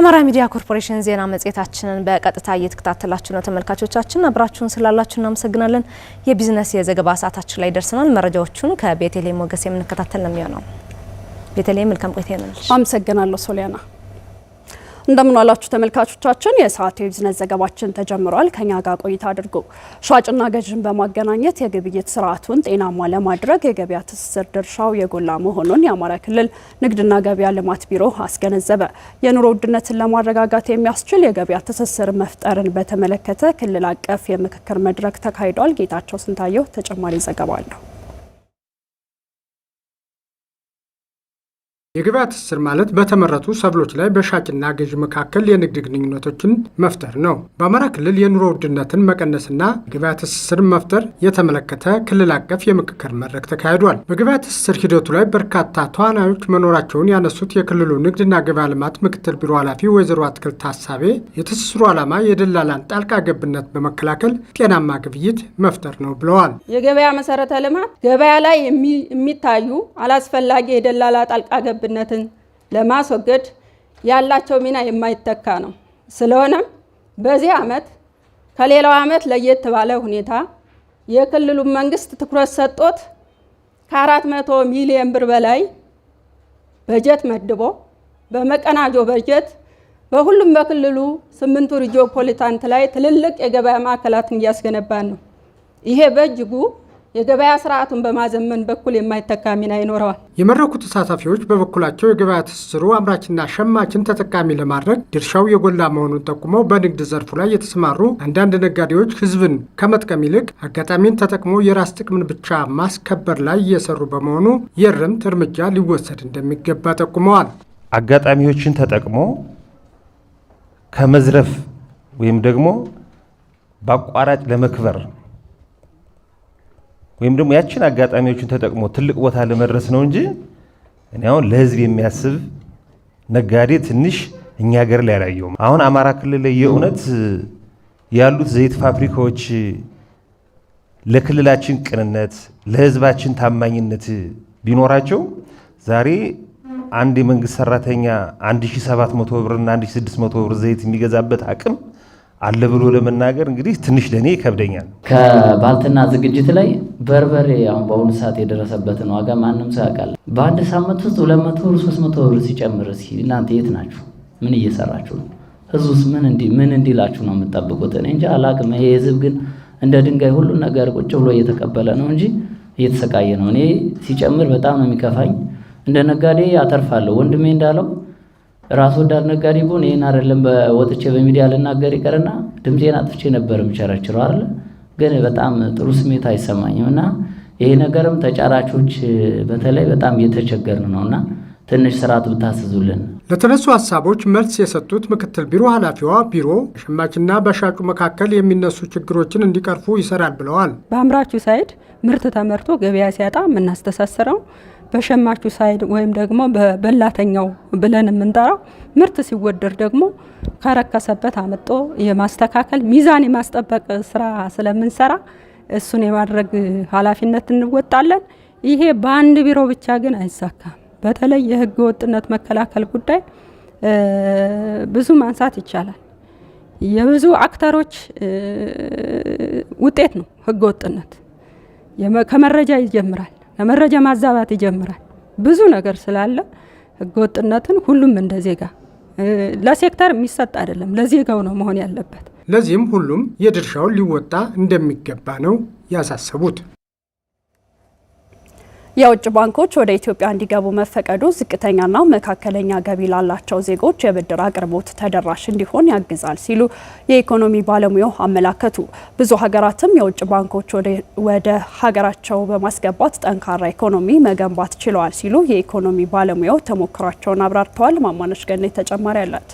ከአማራ ሚዲያ ኮርፖሬሽን ዜና መጽሔታችንን በቀጥታ እየተከታተላችሁ ነው ተመልካቾቻችን። አብራችሁን ስላላችሁ እናመሰግናለን። የቢዝነስ የዘገባ ሰዓታችን ላይ ደርሰናል። መረጃዎቹን ከቤተልሔም ሞገስ የምንከታተል ነው የሚሆነው። ቤተልሔም መልካም ቆይታ ይሆናል። አመሰግናለሁ ሶሊያና። እንደምን ዋላችሁ ተመልካቾቻችን፣ የሰዓት የቢዝነስ ዘገባችን ተጀምሯል። ከኛ ጋር ቆይታ አድርጉ። ሻጭና ገዥን በማገናኘት የግብይት ስርዓቱን ጤናማ ለማድረግ የገበያ ትስስር ድርሻው የጎላ መሆኑን የአማራ ክልል ንግድና ገበያ ልማት ቢሮ አስገነዘበ። የኑሮ ውድነትን ለማረጋጋት የሚያስችል የገበያ ትስስር መፍጠርን በተመለከተ ክልል አቀፍ የምክክር መድረክ ተካሂዷል። ጌታቸው ስንታየው ተጨማሪ ዘገባ አለው። የገበያ ትስስር ማለት በተመረቱ ሰብሎች ላይ በሻጭና ገዢ መካከል የንግድ ግንኙነቶችን መፍጠር ነው። በአማራ ክልል የኑሮ ውድነትን መቀነስና የገበያ ትስስር መፍጠር የተመለከተ ክልል አቀፍ የምክክር መድረክ ተካሂዷል። በገበያ ትስስር ሂደቱ ላይ በርካታ ተዋናዮች መኖራቸውን ያነሱት የክልሉ ንግድና ገበያ ልማት ምክትል ቢሮ ኃላፊ ወይዘሮ አትክልት ሀሳቤ የትስስሩ ዓላማ የደላላን ጣልቃ ገብነት በመከላከል ጤናማ ግብይት መፍጠር ነው ብለዋል። የገበያ መሰረተ ልማት ገበያ ላይ የሚታዩ አላስፈላጊ የደላላ ጣልቃ ገብ ገብነትን ለማስወገድ ያላቸው ሚና የማይተካ ነው። ስለሆነም በዚህ ዓመት ከሌላው ዓመት ለየት ባለ ሁኔታ የክልሉ መንግስት ትኩረት ሰጥቶት ከ400 ሚሊዮን ብር በላይ በጀት መድቦ በመቀናጆ በጀት በሁሉም በክልሉ ስምንቱ ፖሊታንት ላይ ትልልቅ የገበያ ማዕከላትን እያስገነባ ነው። ይሄ በእጅጉ የገበያ ስርዓቱን በማዘመን በኩል የማይተካ ሚና ይኖረዋል። የመድረኩ ተሳታፊዎች በበኩላቸው የገበያ ትስስሩ አምራችና ሸማችን ተጠቃሚ ለማድረግ ድርሻው የጎላ መሆኑን ጠቁመው በንግድ ዘርፉ ላይ የተሰማሩ አንዳንድ ነጋዴዎች ሕዝብን ከመጥቀም ይልቅ አጋጣሚን ተጠቅሞ የራስ ጥቅምን ብቻ ማስከበር ላይ እየሰሩ በመሆኑ የእርምት እርምጃ ሊወሰድ እንደሚገባ ጠቁመዋል። አጋጣሚዎችን ተጠቅሞ ከመዝረፍ ወይም ደግሞ በአቋራጭ ለመክበር ወይም ደግሞ ያችን አጋጣሚዎችን ተጠቅሞ ትልቅ ቦታ ለመድረስ ነው እንጂ እኔ አሁን ለህዝብ የሚያስብ ነጋዴ ትንሽ እኛ ሀገር ላይ አላየውም። አሁን አማራ ክልል ላይ የእውነት ያሉት ዘይት ፋብሪካዎች ለክልላችን ቅንነት፣ ለህዝባችን ታማኝነት ቢኖራቸው ዛሬ አንድ የመንግስት ሰራተኛ 1700 ብርና 1600 ብር ዘይት የሚገዛበት አቅም አለ ብሎ ለመናገር እንግዲህ ትንሽ ለእኔ ይከብደኛል። ከባልትና ዝግጅት ላይ በርበሬ አሁን በአሁኑ ሰዓት የደረሰበትን ዋጋ ማንም ሰው ያውቃል። በአንድ ሳምንት ውስጥ ሁለት መቶ ብር ሶስት መቶ ብር ሲጨምር እናንተ የት ናችሁ? ምን እየሰራችሁ ነው? ህዝቡስ ምን እንዲ ምን እንዲላችሁ ነው የምጠብቁት? እኔ እንጂ አላቅም። ይሄ ህዝብ ግን እንደ ድንጋይ ሁሉን ነገር ቁጭ ብሎ እየተቀበለ ነው እንጂ እየተሰቃየ ነው። እኔ ሲጨምር በጣም ነው የሚከፋኝ። እንደ ነጋዴ አተርፋለሁ ወንድሜ እንዳለው ራስ ወዳድ ነጋዴ ብሆን ይህን አይደለም ወጥቼ በሚዲያ ልናገር ይቀርና ድምፄን አጥፍቼ ነበር የምቸረችረው አይደለ። ግን በጣም ጥሩ ስሜት አይሰማኝም እና ይሄ ነገርም ተጫራቾች በተለይ በጣም እየተቸገርን ነው እና ትንሽ ስርዓት ብታስዙልን። ለተነሱ ሀሳቦች መልስ የሰጡት ምክትል ቢሮ ኃላፊዋ ቢሮ በሸማችና በሻጩ መካከል የሚነሱ ችግሮችን እንዲቀርፉ ይሰራል ብለዋል። በአምራቹ ሳይድ ምርት ተመርቶ ገበያ ሲያጣ የምናስተሳስረው በሸማቹ ሳይድ ወይም ደግሞ በበላተኛው ብለን የምንጠራው ምርት ሲወደድ ደግሞ ከረከሰበት አመጦ የማስተካከል ሚዛን የማስጠበቅ ስራ ስለምንሰራ እሱን የማድረግ ኃላፊነት እንወጣለን። ይሄ በአንድ ቢሮ ብቻ ግን አይሳካም። በተለይ የህገ ወጥነት መከላከል ጉዳይ ብዙ ማንሳት ይቻላል። የብዙ አክተሮች ውጤት ነው ህገ ወጥነት። ከመረጃ ይጀምራል። ለመረጃ ማዛባት ይጀምራል። ብዙ ነገር ስላለ ህገወጥነትን ሁሉም እንደ ዜጋ ለሴክተር የሚሰጥ አይደለም፣ ለዜጋው ነው መሆን ያለበት። ለዚህም ሁሉም የድርሻውን ሊወጣ እንደሚገባ ነው ያሳሰቡት። የውጭ ባንኮች ወደ ኢትዮጵያ እንዲገቡ መፈቀዱ ዝቅተኛና መካከለኛ ገቢ ላላቸው ዜጎች የብድር አቅርቦት ተደራሽ እንዲሆን ያግዛል ሲሉ የኢኮኖሚ ባለሙያው አመላከቱ። ብዙ ሀገራትም የውጭ ባንኮች ወደ ሀገራቸው በማስገባት ጠንካራ ኢኮኖሚ መገንባት ችለዋል ሲሉ የኢኮኖሚ ባለሙያው ተሞክሯቸውን አብራርተዋል። ማማነሽ ገና ተጨማሪ አላት።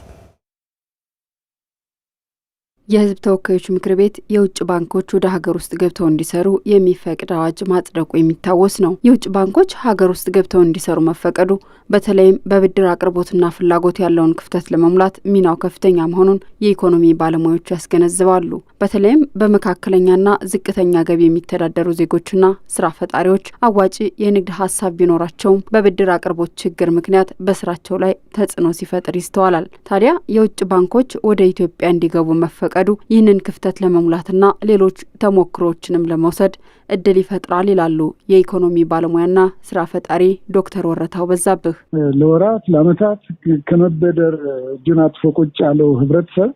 የህዝብ ተወካዮች ምክር ቤት የውጭ ባንኮች ወደ ሀገር ውስጥ ገብተው እንዲሰሩ የሚፈቅድ አዋጅ ማጽደቁ የሚታወስ ነው። የውጭ ባንኮች ሀገር ውስጥ ገብተው እንዲሰሩ መፈቀዱ በተለይም በብድር አቅርቦትና ፍላጎት ያለውን ክፍተት ለመሙላት ሚናው ከፍተኛ መሆኑን የኢኮኖሚ ባለሙያዎች ያስገነዝባሉ። በተለይም በመካከለኛና ዝቅተኛ ገቢ የሚተዳደሩ ዜጎችና ስራ ፈጣሪዎች አዋጪ የንግድ ሀሳብ ቢኖራቸውም በብድር አቅርቦት ችግር ምክንያት በስራቸው ላይ ተጽዕኖ ሲፈጥር ይስተዋላል። ታዲያ የውጭ ባንኮች ወደ ኢትዮጵያ እንዲገቡ መፈቀ መፈቀዱ ይህንን ክፍተት ለመሙላትና ሌሎች ተሞክሮዎችንም ለመውሰድ እድል ይፈጥራል ይላሉ የኢኮኖሚ ባለሙያና ስራ ፈጣሪ ዶክተር ወረታው በዛብህ። ለወራት ለዓመታት ከመበደር እጁን አጥፎ ቁጭ ያለው ህብረተሰብ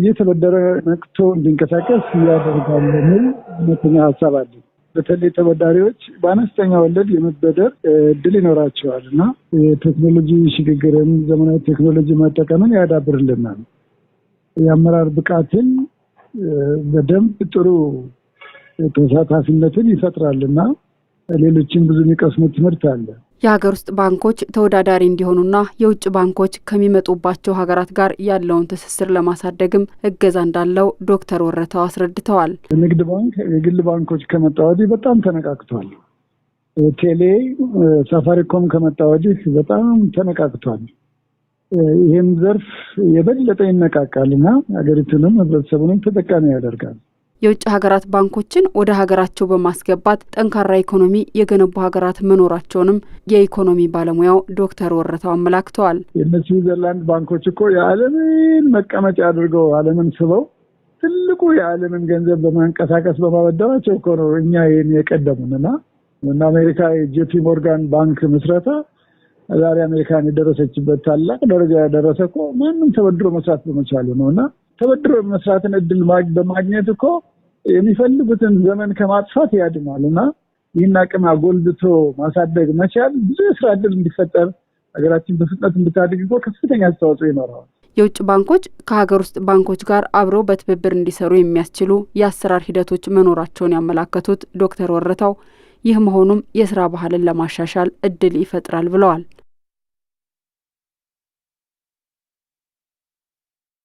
እየተበደረ ነቅቶ እንዲንቀሳቀስ እያደርጋል የሚል እውነተኛ ሀሳብ አለ። በተለይ ተበዳሪዎች በአነስተኛ ወለድ የመበደር እድል ይኖራቸዋል እና የቴክኖሎጂ ሽግግርን ዘመናዊ ቴክኖሎጂ መጠቀምን ያዳብርልናል። የአመራር ብቃትን በደንብ ጥሩ ተሳታፊነትን ይፈጥራል እና ሌሎችም ብዙ የሚቀስሙ ትምህርት አለ። የሀገር ውስጥ ባንኮች ተወዳዳሪ እንዲሆኑና የውጭ ባንኮች ከሚመጡባቸው ሀገራት ጋር ያለውን ትስስር ለማሳደግም እገዛ እንዳለው ዶክተር ወረታው አስረድተዋል። ንግድ ባንክ የግል ባንኮች ከመጣ ወዲህ በጣም ተነቃቅቷል። ቴሌ ሳፋሪኮም ከመጣ ወዲህ በጣም ተነቃቅቷል። ይህም ዘርፍ የበለጠ ይነቃቃልና ሀገሪቱንም ህብረተሰቡንም ተጠቃሚ ያደርጋል። የውጭ ሀገራት ባንኮችን ወደ ሀገራቸው በማስገባት ጠንካራ ኢኮኖሚ የገነቡ ሀገራት መኖራቸውንም የኢኮኖሚ ባለሙያው ዶክተር ወረታው አመላክተዋል። የነ ስዊዘርላንድ ባንኮች እኮ የዓለምን መቀመጫ አድርገው ዓለምን ስበው ትልቁ የዓለምን ገንዘብ በማንቀሳቀስ በማበደራቸው እኮ ነው እኛ ይህን የቀደሙን እና አሜሪካ የጄፒ ሞርጋን ባንክ ምስረታ ዛሬ አሜሪካን የደረሰችበት ታላቅ ደረጃ ያደረሰ እኮ ማንም ተበድሮ መስራት በመቻሉ ነው እና ተበድሮ መስራትን እድል በማግኘት እኮ የሚፈልጉትን ዘመን ከማጥፋት ያድናል እና ይህን አቅም አጎልብቶ ማሳደግ መቻል ብዙ የስራ እድል እንዲፈጠር ሀገራችን በፍጥነት እንድታድግ እኮ ከፍተኛ አስተዋጽኦ ይኖረዋል። የውጭ ባንኮች ከሀገር ውስጥ ባንኮች ጋር አብረው በትብብር እንዲሰሩ የሚያስችሉ የአሰራር ሂደቶች መኖራቸውን ያመላከቱት ዶክተር ወረታው ይህ መሆኑም የስራ ባህልን ለማሻሻል እድል ይፈጥራል ብለዋል።